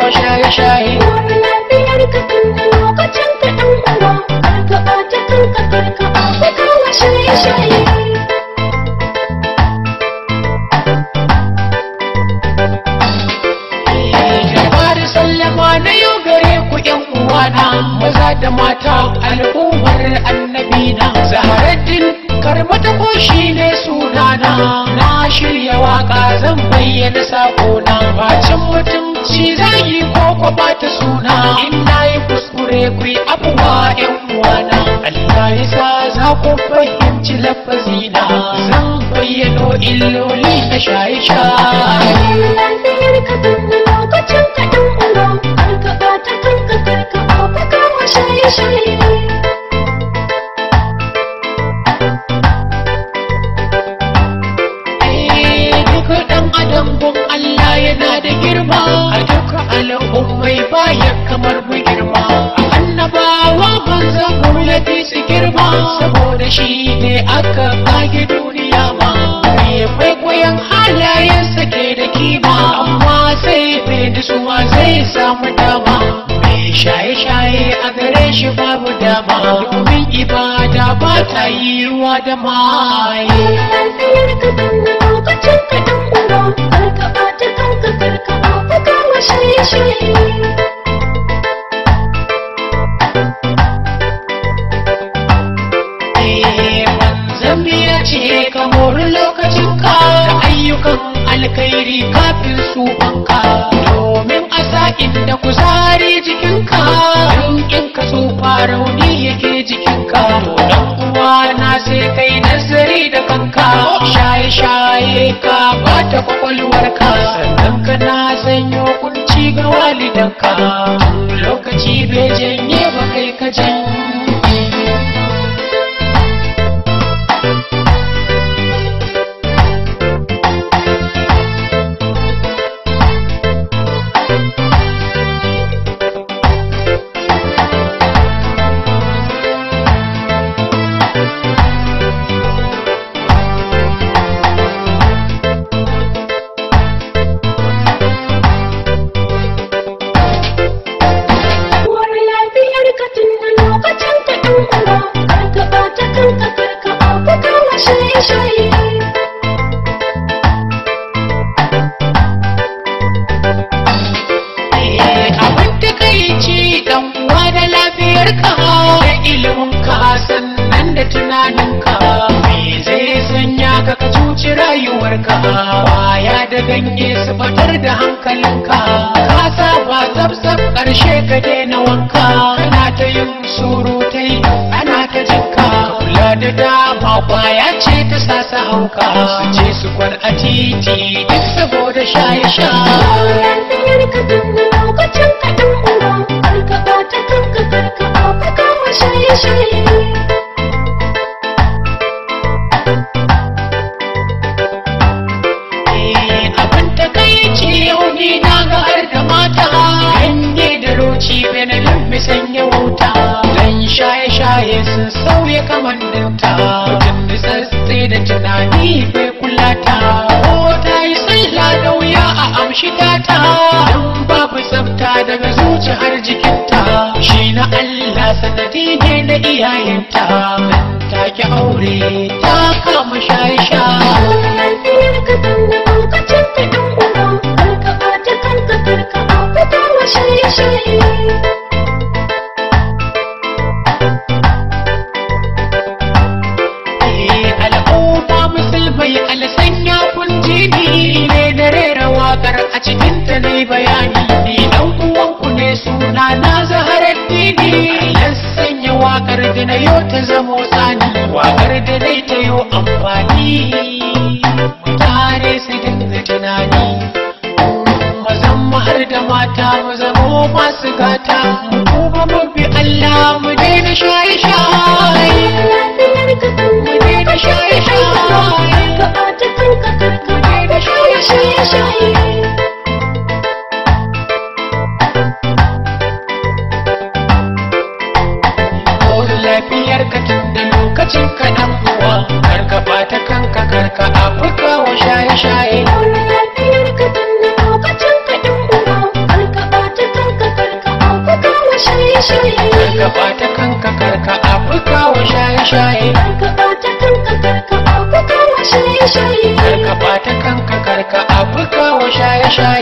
wa shaye-shaye wannan biyar lokacin ka ɗan ƙwaro karkaɓa ta kanka karkaɓa ta kawo shaye-shaye sallama na yau gare ku ƴan uwana maza da mata al'ummar annabi na zaharaddin karmata ko shi ne sunana na shirya waƙa zan bayyana sakona bacin shi ko ko suna in na yi kuskure ku abuwa yan uwana Allah ya sa za ku fahimci lafazina zan bayyano illoli na shaye-shaye lokacin kaɗan ulo karka ta kanka karka ba ka shaye-shaye girma saboda shi ne aka bage duniya ma mai kwaikwayon halayensa ke da kima amma sai mai nutsuwa zai samu dama mai shaye-shaye a gare shi babu dama domin ibada ba ta yi ruwa da maye. kwakwalwarka sannan kana sanyo kunci ga walidanka lokaci bai janye tunaninka me zai sanya ka ka cuci rayuwarka waya da ganye su fitar da hankalinka ka saba tsabtsab ƙarshe ka daina wanka kana ta yin surutai ana ta jinka kula da dama kwaya ce ta sa su hauka su ce su kwar a titi duk saboda sha shaye-shaye. kamanninta mutum da sassi da tunani bai kula ta ko ta yi saila da wuya a amshi ta don babu tsafta daga zuci har jikinta shi na Allah sanadi ne na iyayenta take aure ta kama shaye-shaye bayani ni dan uwanku ne suna na zaharar dini an sanya wakar da na yau ta zamo tsani wakar da dai ta yau amfani tare su dinga tunani mazan mahar da mata mu zamo masu gata mu kuma mu bi Allah mu daina shaye-shaye shaye-shaye Karka kanka karka abuka kawo shaye-shaye Karka kanka karka abuka kawo shaye-shaye